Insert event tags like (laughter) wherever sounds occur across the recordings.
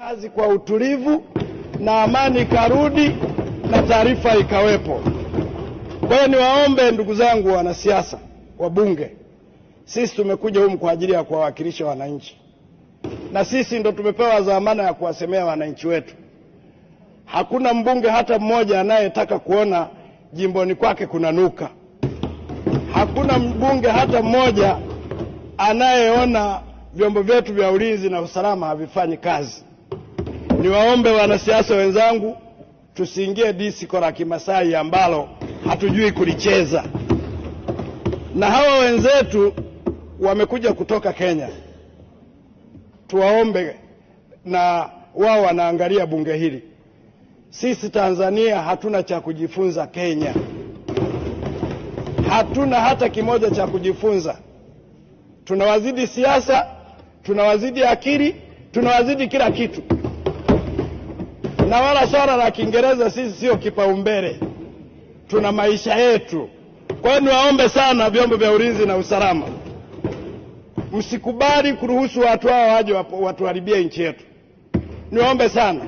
kazi kwa utulivu na amani ikarudi na taarifa ikawepo. Kwa hiyo niwaombe ndugu zangu wanasiasa, wabunge, sisi tumekuja humu kwa ajili ya kuwawakilisha wananchi, na sisi ndo tumepewa dhamana ya kuwasemea wananchi wetu. Hakuna mbunge hata mmoja anayetaka kuona jimboni kwake kuna nuka Hakuna mbunge hata mmoja anayeona vyombo vyetu vya ulinzi na usalama havifanyi kazi. Niwaombe wanasiasa wenzangu, tusiingie disko la Kimasai ambalo hatujui kulicheza. Na hawa wenzetu wamekuja kutoka Kenya, tuwaombe na wao wanaangalia bunge hili. Sisi Tanzania hatuna cha kujifunza Kenya, hatuna hata kimoja cha kujifunza. Tunawazidi siasa, tunawazidi akili, tunawazidi kila kitu na wala swala la Kiingereza sisi sio kipaumbele, tuna maisha yetu. Kwa hiyo niwaombe sana vyombo vya ulinzi na usalama, msikubali kuruhusu watu hao waje watuharibie nchi yetu. Niwaombe sana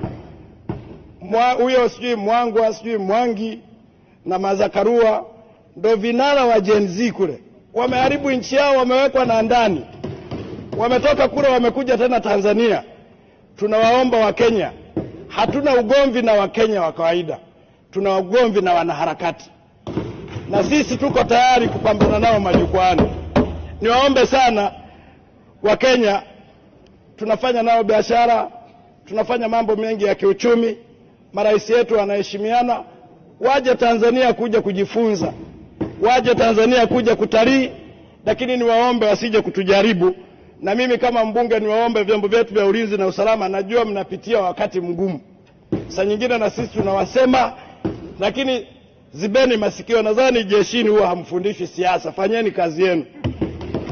huyo sijui Mwangwa sijui Mwangi na Mazakarua ndo vinara wa Gen Z kule, wameharibu nchi yao, wamewekwa na ndani, wametoka kule, wamekuja tena Tanzania. Tunawaomba Wakenya Hatuna ugomvi na Wakenya wa kawaida, tuna ugomvi na wanaharakati, na sisi tuko tayari kupambana nao majukwaani. Niwaombe sana Wakenya, tunafanya nao biashara, tunafanya mambo mengi ya kiuchumi, marais yetu wanaheshimiana. Waje Tanzania kuja kujifunza, waje Tanzania kuja kutalii, lakini niwaombe wasije kutujaribu na mimi kama mbunge niwaombe vyombo vyetu vya ulinzi na usalama, najua mnapitia wakati mgumu, saa nyingine na sisi tunawasema, lakini zibeni masikio. Nadhani jeshini huwa hamfundishi siasa, fanyeni kazi yenu.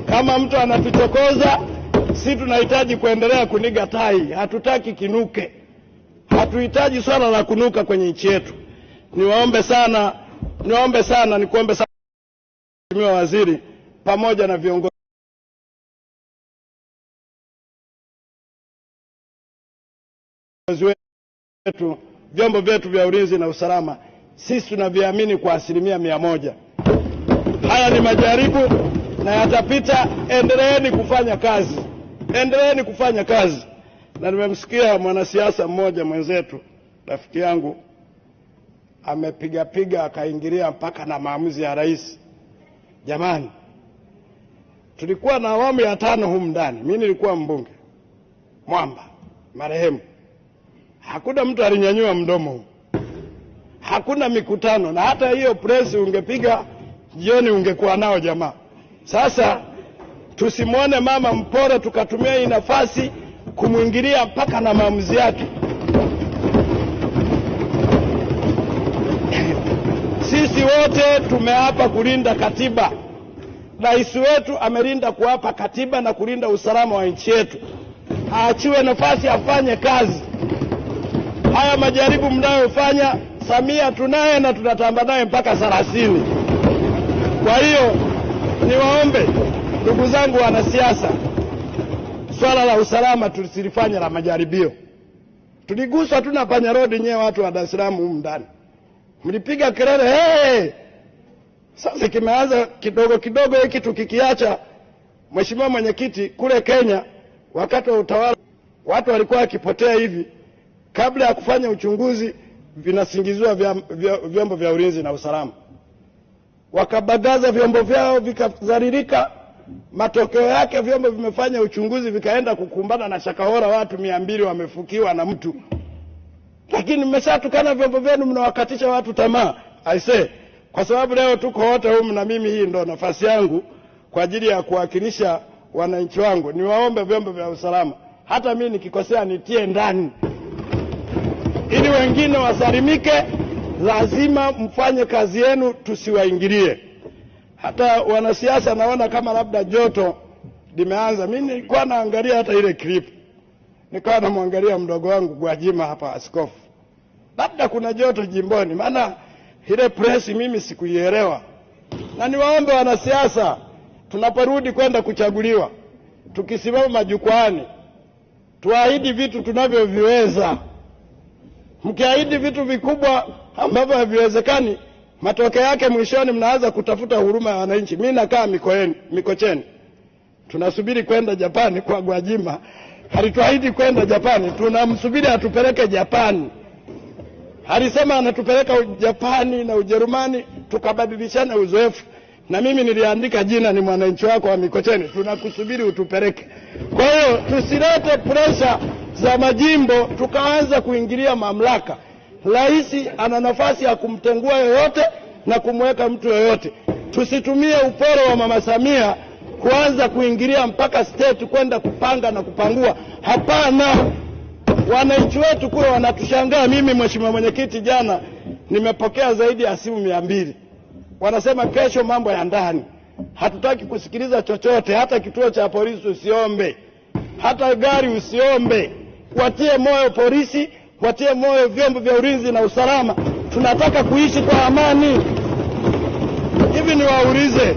Kama mtu anatuchokoza, si tunahitaji kuendelea kuniga tai, hatutaki kinuke, hatuhitaji swala la kunuka kwenye nchi yetu. Niwaombe sana, niwaombe sana, nikuombe sana Mheshimiwa Waziri pamoja na viongozi wetu vyombo vyetu vya ulinzi na usalama, sisi tunaviamini kwa asilimia mia moja. Haya ni majaribu na yatapita. Endeleeni kufanya kazi, endeleeni kufanya kazi. Na nimemsikia mwanasiasa mmoja mwenzetu, rafiki yangu, amepigapiga akaingilia mpaka na maamuzi ya rais. Jamani, tulikuwa na awamu ya tano humu ndani, mi nilikuwa mbunge Mwamba marehemu hakuna mtu alinyanyua mdomo, hakuna mikutano, na hata hiyo presi ungepiga jioni ungekuwa nao jamaa. Sasa tusimwone mama mpore, tukatumia hii nafasi kumwingilia mpaka na maamuzi yake. Sisi wote tumeapa kulinda katiba. Rais wetu amelinda kuapa katiba na kulinda usalama wa nchi yetu. Aachiwe nafasi afanye kazi haya majaribu mnayofanya, Samia tunaye na tunatamba naye mpaka thelathini. Kwa hiyo niwaombe ndugu zangu wanasiasa, swala la usalama tusilifanya la majaribio. Tuliguswa tu na panya road, nyewe watu wa Dar es Salaam humu ndani mlipiga kelele hey! Sasa kimeanza kidogo kidogo, hiki tukikiacha. Mheshimiwa Mwenyekiti, kule Kenya wakati wa utawala watu walikuwa wakipotea hivi kabla ya kufanya uchunguzi vinasingiziwa vyombo vya ulinzi na usalama, wakabagaza vyombo vyao vikazaririka. Matokeo yake vyombo vimefanya uchunguzi vikaenda kukumbana na shakahora, watu mia mbili wamefukiwa na mtu. Lakini mmeshatukana vyombo vyenu, mnawakatisha watu tamaa. Aise, kwa sababu leo tuko wote humu na mimi, hii ndo nafasi yangu kwa ajili ya kuwakilisha wananchi wangu. Niwaombe vyombo vya usalama, hata mimi nikikosea nitie ndani ili wengine wasalimike, lazima mfanye kazi yenu, tusiwaingilie. Hata wanasiasa naona kama labda joto limeanza. Mi nilikuwa naangalia hata ile clip, nikawa namwangalia mdogo wangu Gwajima hapa, askofu, labda kuna joto jimboni, maana ile presi mimi sikuielewa. Na niwaombe wanasiasa, tunaporudi kwenda kuchaguliwa, tukisimama majukwani tuahidi vitu tunavyoviweza mkiahidi vitu vikubwa ambavyo haviwezekani, matokeo yake mwishoni mnaanza kutafuta huruma ya wananchi. Mi nakaa Mikocheni, tunasubiri kwenda Japani kwa Gwajima. Halituahidi kwenda Japani, tunamsubiri atupeleke Japani. Alisema anatupeleka Japani na Ujerumani tukabadilishana uzoefu, na mimi niliandika jina, ni mwananchi wako wa Mikocheni, tunakusubiri utupeleke. Kwa hiyo tusilete presha za majimbo tukaanza kuingilia mamlaka. Rais ana nafasi ya kumtengua yoyote na kumweka mtu yoyote. Tusitumie uporo wa Mama Samia kuanza kuingilia mpaka state kwenda kupanga na kupangua. Hapana, wananchi wetu kule wanatushangaa. Mimi mheshimiwa mwenyekiti, jana nimepokea zaidi ya simu mia mbili, wanasema kesho mambo ya ndani hatutaki kusikiliza chochote, hata kituo cha polisi usiombe, hata gari usiombe watie moyo polisi, watie moyo vyombo vya ulinzi na usalama. Tunataka kuishi kwa amani. Hivi niwaulize,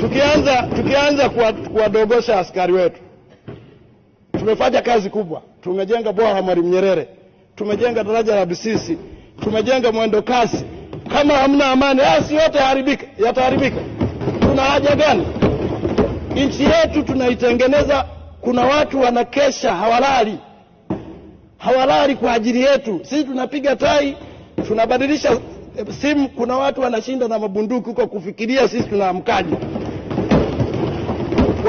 tukianza tukianza kuwadogosha askari wetu, tumefanya kazi kubwa, tumejenga bwawa la Mwalimu Nyerere, tumejenga daraja la Busisi, tumejenga mwendo kasi. Kama hamna amani, basi yote yataharibika. Tuna haja gani? Nchi yetu tunaitengeneza, kuna watu wanakesha hawalali hawalali kwa ajili yetu. Sisi tunapiga tai, tunabadilisha eh, simu. Kuna watu wanashinda na mabunduki huko kufikiria sisi tunaamkaje,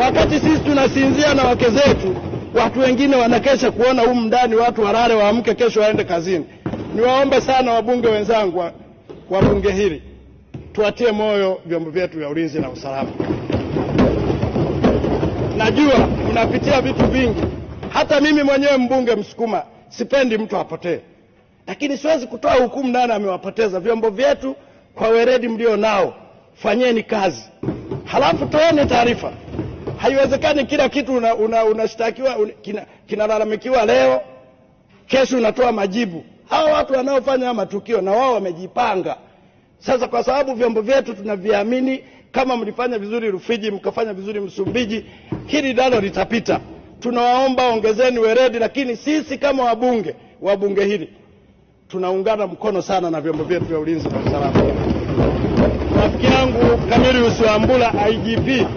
wakati sisi tunasinzia na wake zetu. Watu wengine wanakesha kuona humu ndani, watu walale, waamke kesho waende kazini. Niwaombe sana wabunge wenzangu wa, bunge hili, tuwatie moyo vyombo vyetu vya ulinzi na usalama. Najua mnapitia vitu vingi, hata mimi mwenyewe mbunge Msukuma sipendi mtu apotee, lakini siwezi kutoa hukumu nani amewapoteza. Vyombo vyetu kwa weredi mlio nao, fanyeni kazi, halafu toeni taarifa. Haiwezekani kila kitu unashtakiwa una, una kinalalamikiwa kina leo, kesho unatoa majibu. Hawa watu wanaofanya haya matukio na wao wamejipanga. Sasa kwa sababu vyombo vyetu tunaviamini, kama mlifanya vizuri Rufiji, mkafanya vizuri Msumbiji, hili nalo litapita tunawaomba ongezeni weredi lakini sisi kama wabunge wa bunge hili tunaungana mkono sana na vyombo vyetu vya ulinzi na usalama. Rafiki yangu Camillus Wambura IGP,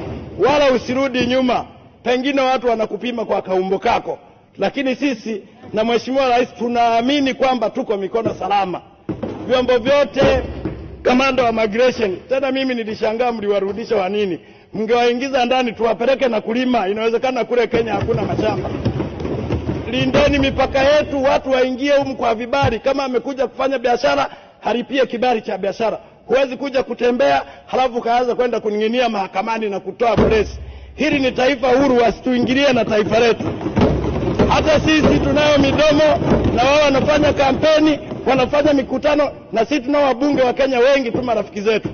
wala usirudi nyuma. Pengine watu wanakupima kwa kaumbo kako, lakini sisi na Mheshimiwa Rais tunaamini kwamba tuko mikono salama. Vyombo vyote, kamanda wa migration, tena mimi nilishangaa mliwarudisha wa nini? mngewaingiza ndani tuwapeleke na kulima. Inawezekana kule Kenya hakuna mashamba. Lindeni mipaka yetu, watu waingie humu kwa vibali. Kama amekuja kufanya biashara, haripie kibali cha biashara. Huwezi kuja kutembea halafu kaanza kwenda kuning'inia mahakamani na kutoa presi. Hili ni taifa huru, wasituingilie na taifa letu. Hata sisi tunayo midomo, na wao wanafanya kampeni, wanafanya mikutano, na sisi tunao wabunge wa Kenya wengi tu, marafiki zetu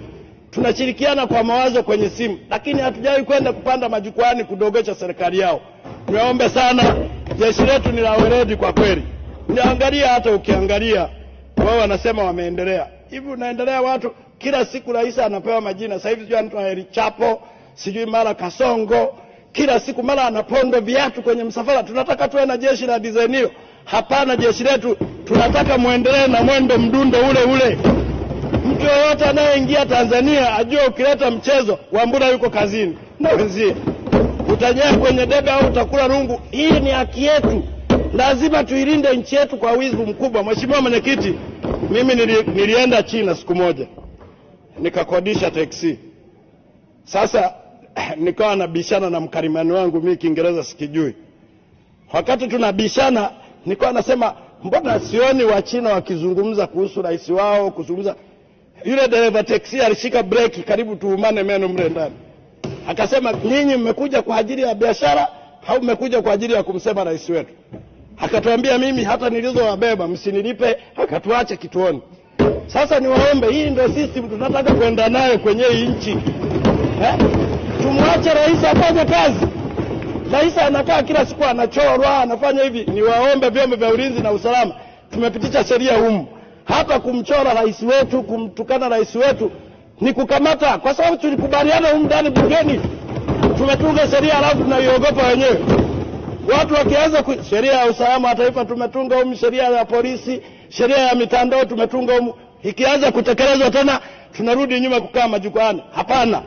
tunashirikiana kwa mawazo kwenye simu, lakini hatujawahi kwenda kupanda majukwani kudogesha serikali yao. Niwaombe sana, jeshi letu ni la weledi kwa kweli. Unaangalia hata ukiangalia, wao wanasema wameendelea hivi, unaendelea watu kila siku rais anapewa majina. Sasa hivi sijui anaitwa Heri Chapo, sijui mara Kasongo, kila siku mara anapondo viatu kwenye msafara. Tunataka tuwe na jeshi la dizaini hiyo? Hapana, jeshi letu tunataka muendelee na mwendo mdundo ule ule. Mtu yoyote anayeingia Tanzania ajue ukileta mchezo Wambura yuko kazini na wenzie, utanyaa kwenye debe au utakula rungu. Hii ni haki yetu, lazima tuilinde nchi yetu kwa wivu mkubwa. Mheshimiwa Mwenyekiti, mimi nili, nilienda China siku moja nikakodisha teksi. Sasa (clears throat) nikawa nabishana na mkarimani wangu, mimi Kiingereza sikijui. Wakati tunabishana, nikawa nasema mbona sioni Wachina wakizungumza kuhusu rais wao kuzungumza yule dereva teksi alishika breki, karibu tuumane meno mle ndani, akasema nyinyi mmekuja kwa ajili ya biashara au mmekuja kwa ajili ya kumsema rais wetu? Akatuambia mimi hata nilizowabeba msinilipe, akatuache kituoni. Sasa niwaombe, hii ndio sisi tunataka kwenda naye kwenye hii nchi eh? Tumwache rais afanye kazi. Rais anakaa kila siku anachorwa, anafanya hivi. Niwaombe vyombo vya ulinzi na usalama, tumepitisha sheria humu hapa kumchora rais wetu, kumtukana rais wetu ni kukamata, kwa sababu tulikubaliana humu ndani bungeni, tumetunga sheria alafu tunaiogopa wenyewe. Watu wakianza ku... sheria ya usalama wa taifa tumetunga humu, sheria ya polisi, sheria ya mitandao tumetunga humu. Ikianza kutekelezwa tena tunarudi nyuma kukaa majukwani Hapana,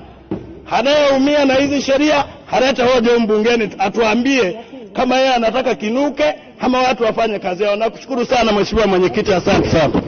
anayeumia na hizi sheria halete hoja humu bungeni, atuambie kama yeye anataka kinuke ama watu wafanye kazi yao. Nakushukuru sana mheshimiwa mwenyekiti, asante sana.